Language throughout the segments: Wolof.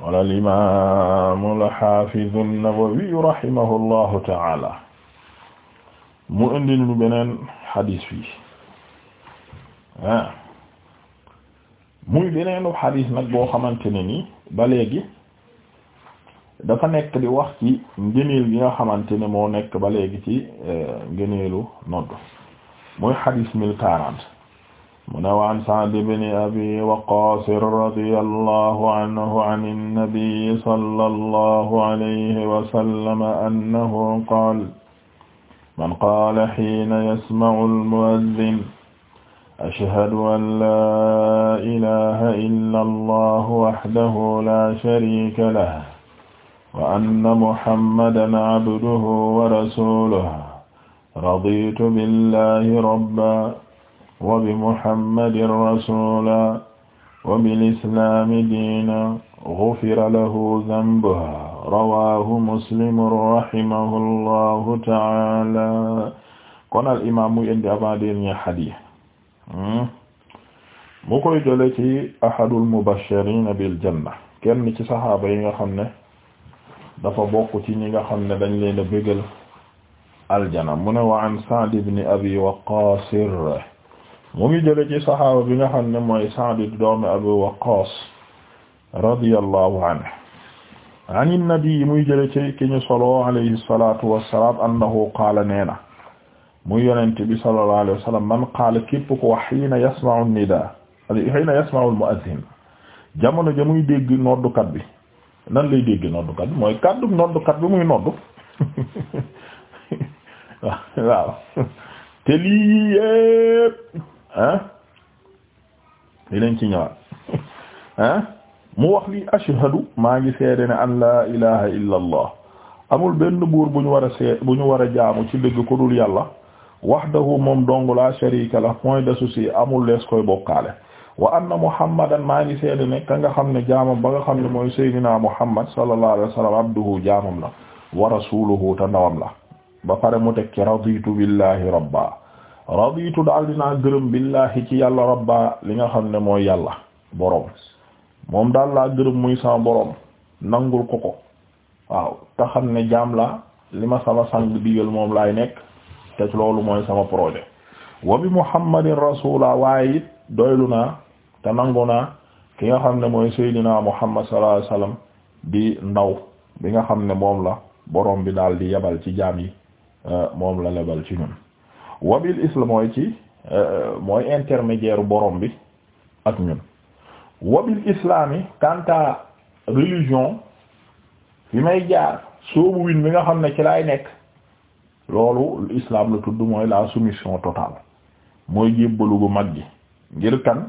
wala al-imaam al-haafiz an-Nawawi rahimahullahu ta'ala mu indi nu beneen xadis fii ah muy beneenu xadis nag boo xamante ne ni ba léegi dafa nekk di wax ci ngëneel gi nga xamante ne moo nekk ba léegi ci eh, ngëneelu nodd muy xadis mu ne waan Sa'd ibn Abi Waqqaas radiyallahu anhu an an-nabiy sallallahu alayhi wa sallam annahu qaala man qaala hiina yasma'u al-mu'adhdhin ashhadu an laa ilaaha illa allahu wahdahu laa shariika lahu wa anna muhammadan abduhu wa rasuluhu raditu billahi rabban wa bi muhammadin rasula wa bilislami diina gufira lahu dambuha rawahu muslimu rahimahu allahu taala kon al imam muy indi avant-dernier hadith hmm? mu koy jële ci ahadul mubashirina bil janna kenn ci saxaaba yi nga xam ne dafa bokk ci ñi nga xam ne dañ leen a bégal aljana mu ne wa an Sa'd ibn abi waqaasir mu ngi jële ci saxaaba bi nga xam ne mooy Sa'd doomi Abu Waqqas radiyallahu anhu an nabi muy jële ci ki ñu solo alayhi salatu wassalaam annahu qaala neena muy yonente bi sallallahu alayhi wa sallam man qaala képp ko wax xiina yasma'u nidaa xiina yasma'u al-mu'adhdhin jamono ja muy dégg noddukat bi nan lay dégg noddukat bi mooy kàddu noddukat bi muy noddu waaw te ah dinañ ci ñëwaat ah mu wax li ashhadu maa ngi seede ne an laa ilaha illa amul benn buur bu ñu war a bu ñu war a jaamu ci dëgg ku dul yàlla wahdahu moom dong la sharika la desu d'associé amul lees koy bokkaale wa anna muhammadan maa ngi seede ne ka nga xam ne jaamam ba nga xam ne mooy sayyidina muhammad sallallahu alayhi wa sallam abduhu jaamam la wa rasuluhu ta ndawam la ba pare mu tekki raditu billahi rabba raditu daal dinaa gërëm billahi ci yàlla rabba li nga xam ne mooy yàlla boroom moom daal laa gërëm muy sama borom nangul ko ko waaw te xam ne jaam la li ma sama sang digal moom laay nekk te loolu mooy sama projet wa bi muhammadin rasulullah waaye it doylu naa te nangu naa ki nga xam ne mooy seydina muhammad sallallahu alayhi wasallam di ndaw bi nga xam ne moom la borom bi daal di yebal ci jaam yi euh, moom la lebal ci ñun wabil islam mooy ci euh, mooy intermédiaire borom bi ak ñun wabil islam yi religion fi may jaar soobu win mi nga xam ne ci laay nekk loolu islam la tudd mooy la soumission totale mooy jébbalu gu mag gi ngir kan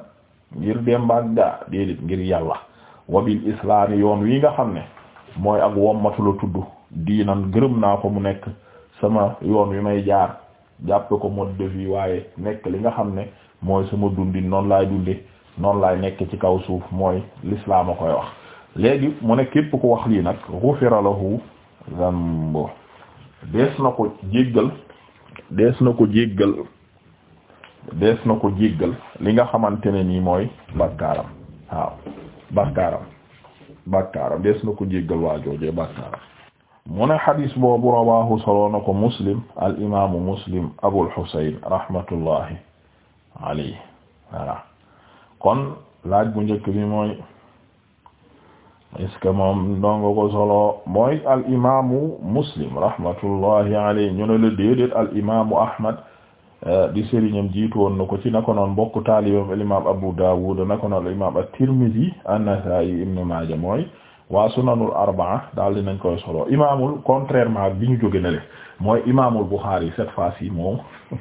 ngir dem daa déedéet ngir yàlla wabil islam yoon wi nga xam ne mooy ak wommatu la tudd diinan gërëm naa ko mu nekk sama yoon wi may jaar jàppe ko mode de vie waaye nekk li nga xam ne mooy sama dundi noonu laay dundi noonu laay nekk ci kaw suuf mooy l'islam a koy wax léegi mu ne képp ku wax lii nag ghufira lahu dhanbu dees na ko jéggal dees na ko jéggal dees na ko jéggal li nga xamante ne nii mooy bakkaaram waaw bakkaaram bakkaaram dees na ko jéggal waajoojee bakkaaram mu ne boobu rawaahu solo na ko muslim al imaamu muslim abul xusayn rahmatullahi alayhi kon laaj bu njëkk bi mooy est-ce que moom dongo ko solo mooy al imaamu muslim rahmatullahi alayhi ñu ne la déedéet al imaamu ahmad euh, di sëriñam jiitu woon na ko ci naka noonu bokk taalibam al abu daawud naka noonu al imaam at-tirmidhi ibn maaja mooy. waa sunanul arbaa daal di nañ koy solo imaamul contrairement bi ñu jóge na le mooy imaamul Bukhari cette fois-ci moom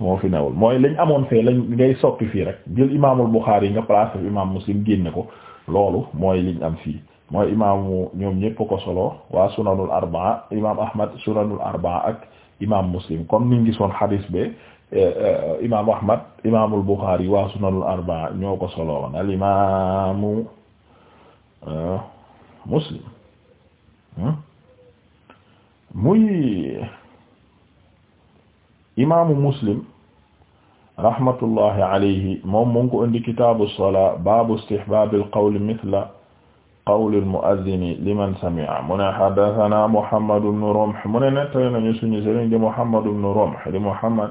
moo fi newul mooy lañ amoon fee lañ ngay sotti fii rek jël imaamul Bukhari nga place imaam Muslim génne ko loolu mooy liñ am fii mooy imaamu ñoom ñépp ko solo waa sunanul arbaa imaam Ahmad sunanul arbaa ak imaam Muslim comme niñ gisoon hadis be eh, eh, imaam Ahmad imaamul Bukhari waa sunanul arbaa ñoo ko solo woon al imaamu eh, muslim hmm? muy imaamu muslim rahmatullahi alayhi moom mu ngi ko indi kitaabu salaa baabu istihbaabil qawli mithla qawlil mu'azzini liman sami'a mu ne haddathanaa Muhammad ibn Rumh mu ne nettali nañu suñu sëriñ di Muhammad ibn Rumh di Muhammad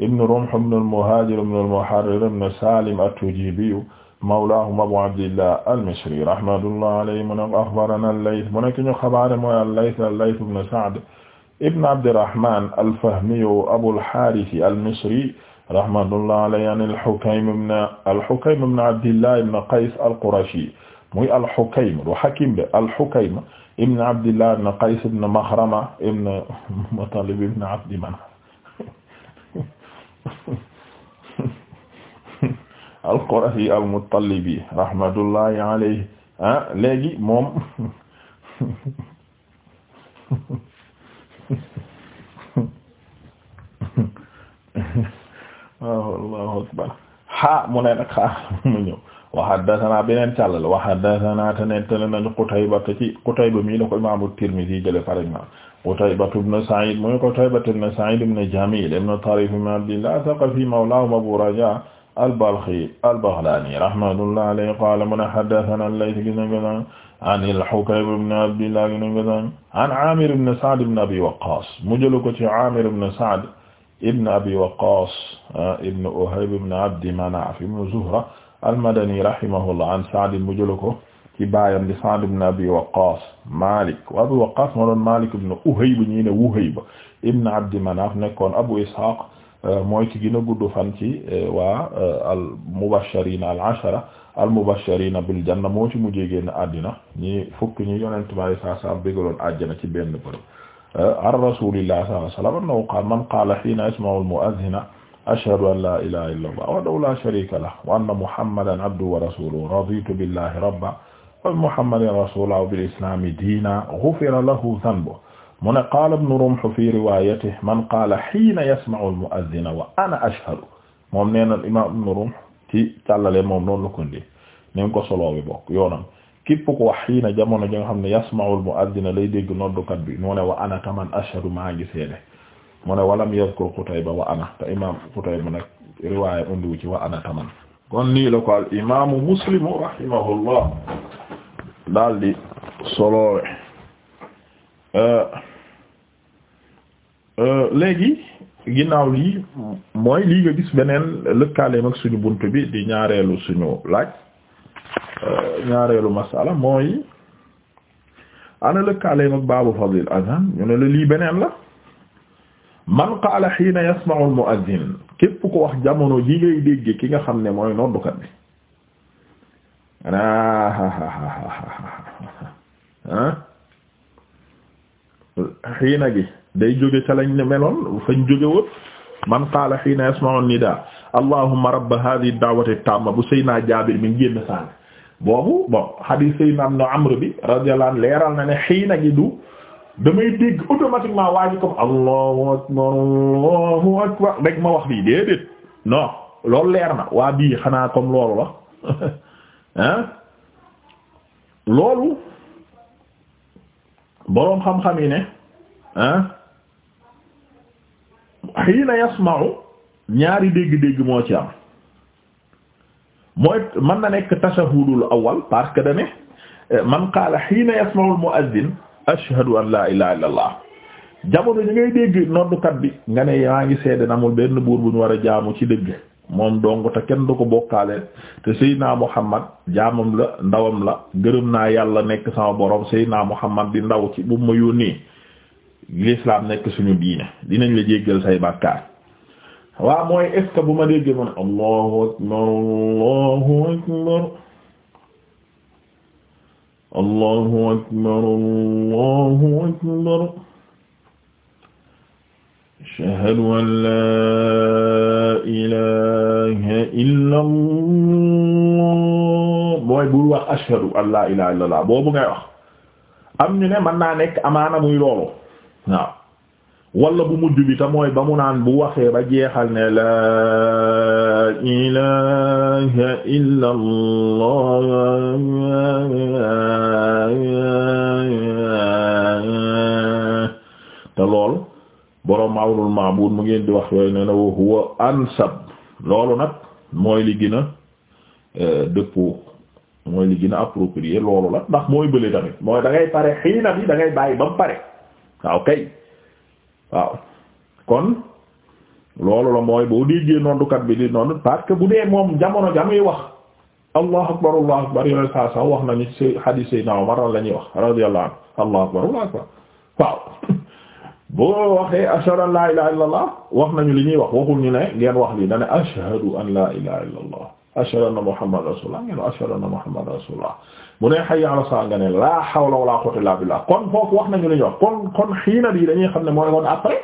ibn Rumh ibn al-Muhaajir ibn al-Muharrir ibn Saalim at-Tujiibi mawlaahum abu abdillah al-Mishri rahmatullah alayhi mu ne axbarana al-Layth mu ne ki ñu xabaare mooy al-Layth al-Layth ibn Sa'd ibn Abdirrahman al-Fahmi Abul Haaris al-Misri rahmatullah alayhi an al-Hukaym ibn al-Hukaym ibn Abdillah ibn Qays al-Qurashi muy al-Hukaym du Hakim be al-Hukaym ibn Abdillah ibn Qays ibn Makhrama ibn Mutalib ibn Abdi Manaf al-Qurashi al-Muttalibi rahmatullahi alayhi ah léegi moom ah, Allahu akbar ha mu ne nag ha mu ñëw wa haddathana beneen càllal wa haddathana te nettali nañu Qutayba ci Qutayba mii la ko imam Tirmidhi jële par exemple Qutayba ibn Sa'id mooy Qutayba ibn Sa'id ibn Jamil ibn Tarif ibn Abdillah Thaqafi mawlahum Abu Raja al-Balkhi al-Baghlani rahmatullahi alayhi qaala mun haddathana al-Layth gis nañ ko sànq an al-Hukayb ibn Abdillah gis nañ ko sànq an Aamir ibn Sa'd ibn Abi Waqqas mu jëlu ko ci Aamir ibn Sa'd ibn Abi Waqqas ah, ibn Uhayb ibn Abdi Manaf ibn Zuhra al-Madani rahimahullah an Sa'd mu jëlu ko ci baayam di Sa'd ibn Abi Waqqas Malik wa Abi Waqqas moo doon Malik ibn Uhayb ñi ne Wuhayb ibn Abdi Manaf nekkoon Abu Ishaq Euh, mooy ci gën a gudd fan ci euh, waa euh, al mubashirin al ashara al mubashirin bil janna moo ci mujjee génn àddina ñi fukki ñi yonent bi saa saa bégaloon àjjana ci benn bërëb an rasulillahi sallallahu alayhi wa sallam annahu qaala man qaala hiina yasma'u al mu'adhdhina ashhadu an laa ilaaha illa allah wahdahu laa shariika lahu wa anna muhammadan abduhu wa rasuluhu raditu billahi rabban wa bi muhammadin rasulan wa bil islami diinan ghufira lahu dhanbuhu mu ne qaala ibnu rumh fi riwayatihi man qaala hiina yasma'u al-mu'adhdhina wa ana ashhadu moom nee na imaam ibnu rumh ci tàllale moom noonu la ko indi ni nga ko soloo bi bokk yoonam képp ko wax hiina jamono ji nga xam ne yasma'u al-mu'adhdhina lay dégg noddukat bi mu wa ana taman ashhadu maa ngi seede ne walam yadhkur Qutayba wa ana te imaam Qutayba nag riwaaya indiwu ci wa ana taman kon nii la ko al imaamu Muslim rahimahullah daal di soloowe Euh, euh, léegi ginnaaw lii mooy lii nga gis beneen lëkkaaleem ak suñu bunt bi di ñaareelu suñu laaj euh, ñaareelu masala mooy ana lëkkaaleem ak baabu fadlil adhan ñu ne la lii beneen la man qaala xiina yasma'u al mu'adhdhin képp ko wax jamono ji ngay dégg ki nga xam ne mooy noddukat bi ah xiina gi day jóge ca lañ meloon fañ jóge woon man qaala xiina yasma'u nidaa allahumma rabba hadhihi dawati at bu Seydina Jaabir mi ngi génn sànni boobu bon hadith Seydina Amr bi radiyallahu leeral na ne xiina gi du damay dégg automatiquement waa ji comme allahu akbar allahu akbar rek ma wax lii déedéet non loolu leer na waa bii xanaa comme loolu la loolu boroom xam-xam yi ne. ah xiina yasma'u ñaari dégg-dégg moo ci am mooy mën na nekk tashahudul awal parce que dane man qaala xiina yasma'u al-mu'adhdhin ashhadu an la ilaha illa allah ñu ngay dégg noddukat bi nga ne yaa ngi seede na benn buur bu ñu war a jaamu ci dëgg moom dong te kenn du ko bokkaale te Seydina Muhammad jaamam la ndawam la gërëm naa yàlla nekk sama borom Seydina Muhammad di ndaw ci bu ma yónnee l'islam nekk suñu diine dinañ la jéggal say bàkkaar waaw mooy est bu ma déggee ma ne allahu akbar allahu akbar allahu akbar allahu akbar ashhadu an la allah mooy bul wax ashhadu an la am ñu ne mën naa nekk amaana muy loolu waaw wala bu mujj bi te mooy ba mu naan bu waxee ba jeexal ne laa ilaha illa allah te lool boroom awnul maabud mu ngeen di wax yooyu ne na wa huwa ansab loolu nag mooy li gën euh, dëppoo mooy li gën a approprié loolu la ndax mooy bële tamit mooy da pare xiina bi da bàyyi ba mu pare waaw kay waaw kon loolu la mooy boo déggee noddukat bi di nodd parce bu dee moom jamono jamuy wax allahu akbar allahu akbar yooyu saa saa wax nañu ci xadiis Seydina Umar la ñuy wax radiyallahu anhu allahu akbar allahu akbar waaw boo waxee ashhadu an laa ilaaha illallah wax nañu li ñuy wax waxul ñu ne ngeen wax lii dana ashhadu an laa ilaaha illallah ashhadu anna muhammad rasulullah ngeen ashhadu anna muhammad rasulullah bu ne hayya ala sa nga ne la hawla wala quwwata illa billah kon foofu wax nañu li ñu wax kon xiina bi dañuy xam ne mooy kon après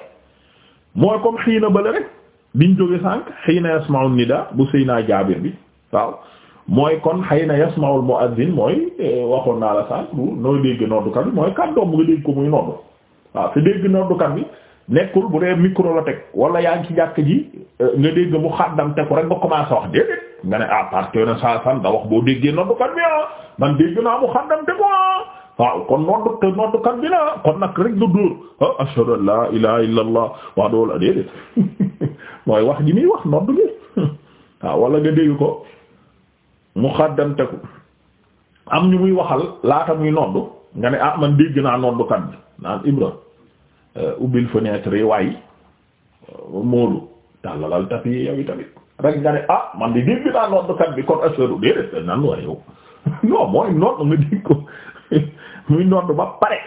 mooy comme xiina bële rek biñ jóge sànq xiina yasma'u nida bu Seydina Jaabir bi waaw mooy kon xiina yasma'u al mu'adhdhin mooy eh, waxoon naa la sànq du nooy dégg noddukat bi mooy kàddoom mu nga dégg ko muy noddu waaw te dégg noddukat bi nekkul bu dee micro la teg wala yaa ngi ci jàkk ji euh, nga dégg mu xaddam te ko rek nga commencé wax déedéet nga ne ah parce que na saa san da wax boo déggee noddukat bi ah man dégg naa mu xaddam te ko ah. waaw kon noddu te noddukat bi na ah. kon nag rek du dóor ah ashhadu mooy wax ji muy wax noddu gi waaw wala nga dégg ko mu xaddam te am ñu muy waxal laata muy noddu nga ne ah man dégg naa noddukat bi naan Ibra Euh, ubbil fenêtre yi waaye euh, Moodu tàllalal tapi yi yow tamit rek nga ne ah man di dégg naa noddkat bi kon asheru déedéet dañ naan waaye yow non mooy nodd nga dégg ko muy nodd ba pare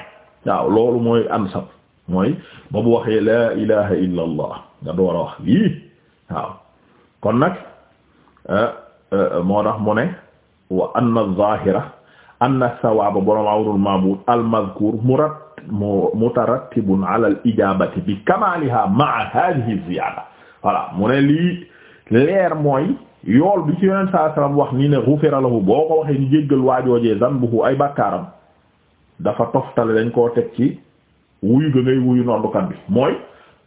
waaw loolu mooy ansab mooy ba bu waxee laa ilaha illa nga door a wax lii waaw kon nag euh, moo tax mu ne wa anna az-zahira anna as-sawaba borom awrul mabud al-mazkur murad mu mutarattibun ala al ijabati bi kamaliha ma'a hadhihi ziyada voilà mu ne lii leer mooy yool bi ci yonent saa sallam wax nii ne ghufira lahu boo ko waxee ñu jéggal waajoojee zanbuhu ay bàkkaaram dafa toftale dañ koo teg ci wuyu ga ngay wuyu noddukat bi mooy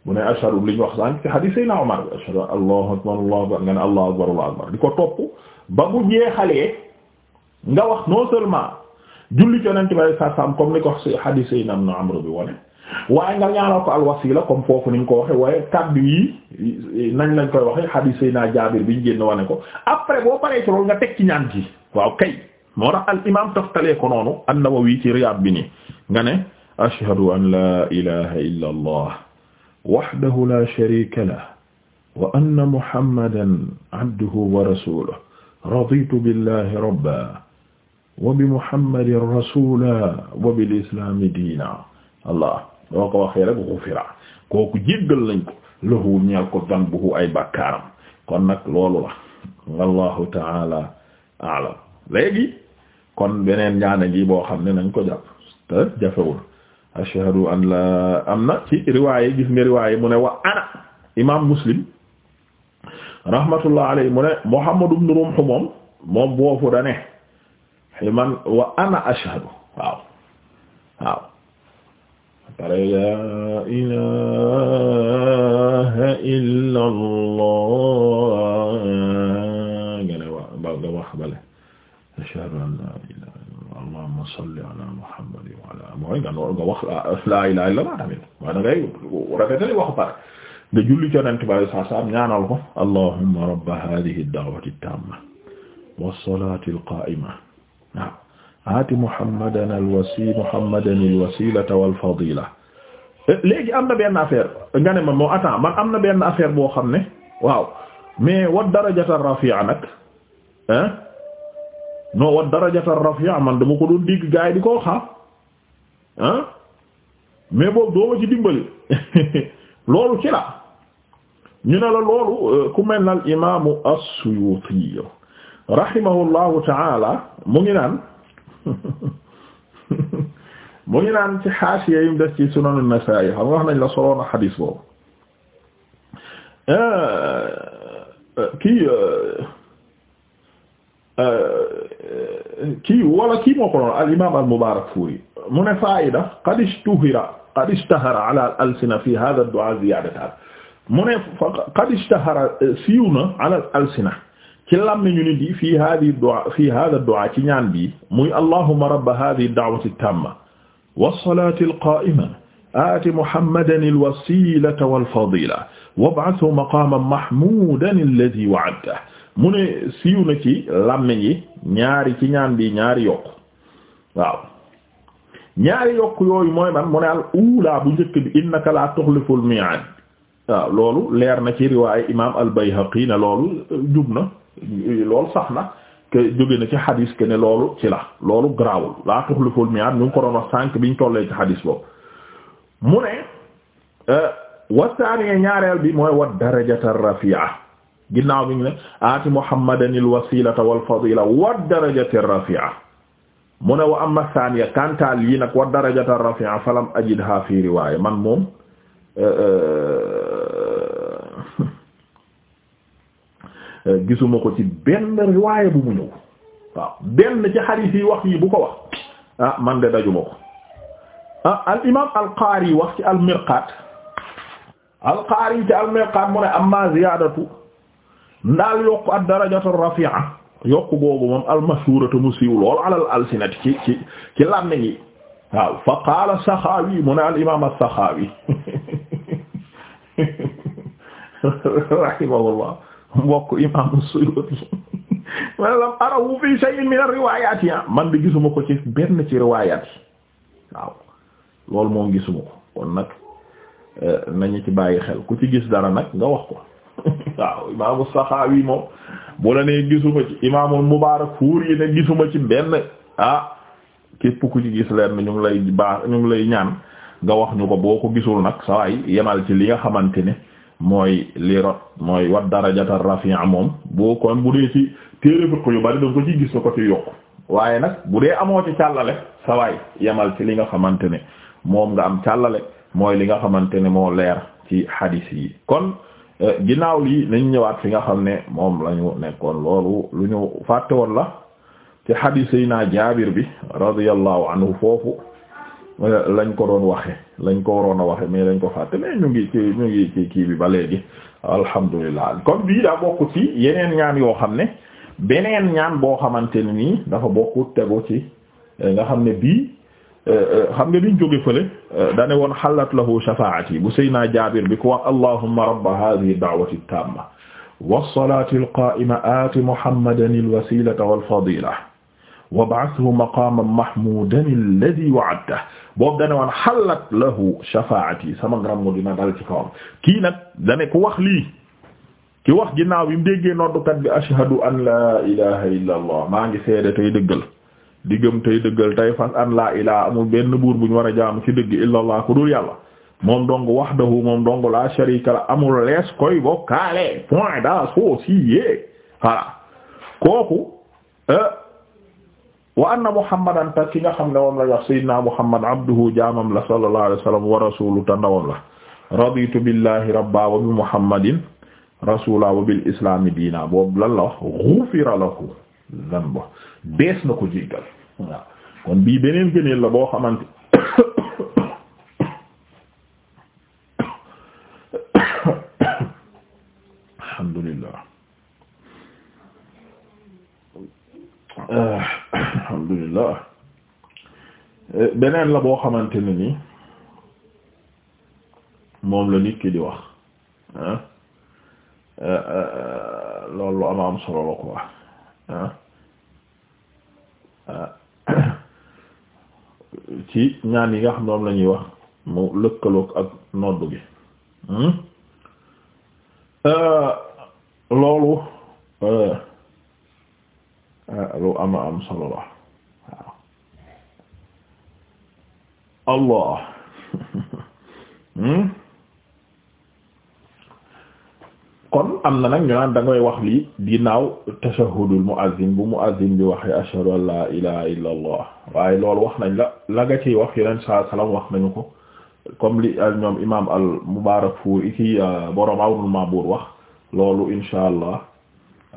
mu ne ashhadu li ñu wax sànq ci hadith sayna Umar bi ashhadu allahu akbar allahu akbar nga ne allahu akbar allahu akbar di ko topp ba bu jeexalee nga wax non seulement julli ci yonent bi amru bi wone waaye nga ñaanal ko alwasila foofu niñ ko waxe waaye kàddu yi nañ lañ koy waxe hadith yi naa jaabir biñ génn wane ko après boo paree ci loolu nga teg ci ñaan waaw kay moo al imam toftalee ko noonu an-Nawawi ci Riyad bi nii nga ne an la ilaha illa allah wahdahu la sharika lah wa anna muhammadan abduhu wa rasuluhu rabba wa bi muhammadin rasula wa bil islami diina allah doo ko waxee rek xufira kooku jéggal nañ ko lahu ñeel ko danbuhu ay bàkkaaram kon nag loolu la wallahu taala aalam léegi kon beneen ñaana ji boo xam ne nañ ko jàpp te jafewul am na ci riwaaye gis nga riwaaye mu ne wa ana imam muslim rahmatullah alayhi mu ne muhammad ibn rumh moom moom boofu da ne ximan wa ana ashhadu waaw waaw pare laa ilaha illa allah nga ne wa ba nga wax bale ashhadu an la ilaha illa allah allahumma salli ala muhammad wa ala mooy nga noor nga wax la ilaha illa allah tamit waaye da ngay rafetali waxu pare nga julli ci yonent bi saa saam ñaanal ko allahumma rabba hadhihi ad-da'wati at-tamma was-salati al-qa'ima waaw aati muhammadan al wasi muhammadan al wasilata wal fadila eh, léegi am na benn affaire nga ne ma moo attends man am na benn affaire boo xam ne waaw mais wa darajata rafia nag hein non wa darajata rafia man dama ko doon digg gaay di ko xam ah. hein mais boobu dooma ci dimbali loolu ci la ñu ne la loolu euh, ku mel na al imaamu rahimahullahu taala mu ngi naan mu ngi naan ci xaasiya yim def ci sunan an-Nasa'i xam nga wax nañ la soloon a xadiis boobu kii kii wala kii moo ko noonu al imaam al Mubaarakfuri mu ne faayida qad ishtuhira qad ishtahara ala al alsina fi hadha ad-du'a ziyaadatan mu ne qad ishtahara siiw na ala al alsina ci làmmiñu nit yi fii hadi du'a fii hada du'a ci ñaan bi muy allahumma rabba hadi da'wati tamma was-salati al-qa'ima aati muhammadan al-wasilata wal-fadila wab'athu maqaman mahmudan alladhi wa'adtahu mu ne siiw na ci làmmiñ yi ñaari ci ñaan bi ñaari yokk waaw ñaari yokk yooyu mooy man mu ne al ula bu njëkk bi innaka la tukhlifu al-mi'ad waaw loolu leer na ci riwaay imaam al-Bayhaqi ne loolu jub na loolu sax na que jóge na ci xadis que ne loolu ci la loolu garaawul laa tuxliful mi'aad ñu ngi ko doon wax sànq biñ tollee ci xadis boobu mu ne euh, wasaaniye ñaareel bi mooy wa darajata rafia ginnaaw bi ñu ne aati Muhammadan al-wasilata wal-fadila wa darajata rafia mu ne wa amma saaniya kantaal yi nag wa darajata rafia falam ajidha fi riwaaya man moom euh, euh, Euh, gisuma ko ci ben riwaaya bu mu ñëw waaw ci xadiis wax yi bu ko wax ah, man de dajuma ko ah wax ci al mirqaat al qaari ci al mirqaat mu ne amma ziyaadatu ndaal yokk ad darajatu rafi'a yokk googu moom mu siiw lool alal alsinati ci ci ci yi saxaawi mu ne al imaam as-saxaawi mbokk imam Suyuti man man di gisuma ko ci benn ci riwayat yi waaw loolu moom gisuma ko kon nag eh, nañu ci bàyyi xel ku ci gis dara nag nga wax ko waaw imaamu Saxaawi moom bu la nee gisuma ci imaamul Mubaarak fuur yi ne gisuma ci benn ah képp ku ci gis leen ñu ngi lay baax ñu lay ñaan nga wax ñu ko boo ko gisul nag sawaay yemal ci li nga xamante ne mooy li mooy wat darajata rafi'a moom boo kon bu dee ci téere fiq yu bari danga ko ci gis na ko ci yokk waaye nag bu dee amoo ci càllale sa waay yemal ci li nga xamante ne moom nga am càllale mooy li nga xamante ne moo leer ci hadis yi kon eh, ginnaaw lii nañ ñëwaat fi nga xam ne moom lañu nekkoon loolu lu ñëw fàtte woon la ci hadis yi naa jaabir bi radiyallahu anhu foofu lañ ko doon waxe lañ ko waroon a waxe mais lañ ko fàtte mais ñu ngi ci ñu kii bi ba léegi alhamdulilah kon bii daa bokk ci yeneen ñaan yoo xam ne beneen ñaan boo xamante ne nii dafa bokk tegu ci eh, nga xam ne bi eh, eh, xam nga liñ jóge fële dane woon xalat lahu shafaati bu sayna jaabir bi ko wax allahumma rabba hadhihi da'wati tamma was salati al qa'ima aati muhammadan al wal fadila wa ba'athu maqaaman mahmuudan alladhii wa'adtahu boobu dana woon hallat lahu shafaa'atii sama ngaramu dina dal ci kawam kii nag dane ku wax lii ki wax ginnaaw bi mu déggee noddukat bi ashhadu an laa ilaaha illallah maa ngi seede tey dëggal di gëm tey dëggal tey fas an laa ilaaha amul benn buur bu ñu war a jaamu ci dëgg illallah ku dul yàlla moom dong wahdahu moom dong laa sharika la amul lees koy bokkaale point d'associé voilà kooku. Euh, wa anna muhammadan ta ki nga xam ne moom la wax sayyidina muhammad abduhu jaamam la sallallahu alayhi wa sallam wa rasuluhu ta ndawam la raditu billahi rabba wa bi muhammadin rasula wa bil islami diina boobu lan la wax ghufira lahu dhanbu bees na ko jéggal waaw kon bii beneen gëneel la boo xamante billah eh, beneen la boo xamante ne nii moom la nit ki di wax ah eh, eh, loolu lu am am solo la quoi ah, ah, ci ñaan yi nga xam ne moom la ñuy wax mu lëkkaloog ak noddu gi hmm? loolu lu am am solo allah hmm? kon am na nag ñu naan da wax lii ginnaaw tashahudul muazzin bu muazzin bi waxee ashhadu an la ilaha illa allah waaye loolu wax nañ la la nga ciy wax yeneen saa salaam wax nañu ko comme li ñoom imam al mubarak fuur iki euh, borom awnul mabuur wax loolu insha allah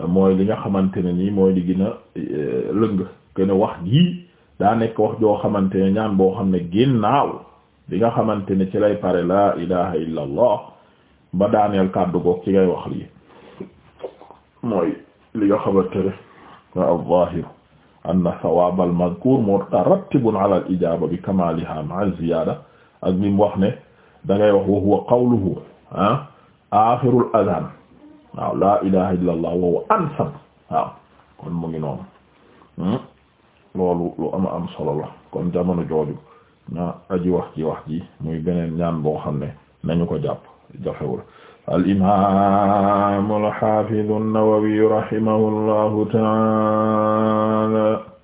mooy li nga xamante ne nii mooy li gën euh, lëng gën wax jii daa nekk wax joo xamante ne ñaan boo xam ne ginnaaw bi nga xamante ne ci lay pare laa ilaha illa allah ba daaneel kàddu goog ci ngay wax lii mooy li xamante ne wa al-zahir anna thawab al-madhkur mutarattibun ala al-ijaba bi kamaliha ma'a ziyada ak bi mu wax ne da wax wa huwa qawluhu ah axirul adhan waaw laa ilaha illa allah wa huwa ansab waaw kon mu ngi loolu lu ama am solo la kon jamono jooju na aji wax ji wax ji muy beneen ñaan boo xam ne nañu ko jàpp jafewul al imaam al xaafiz an-Nawawi rahimahullahu ta'ala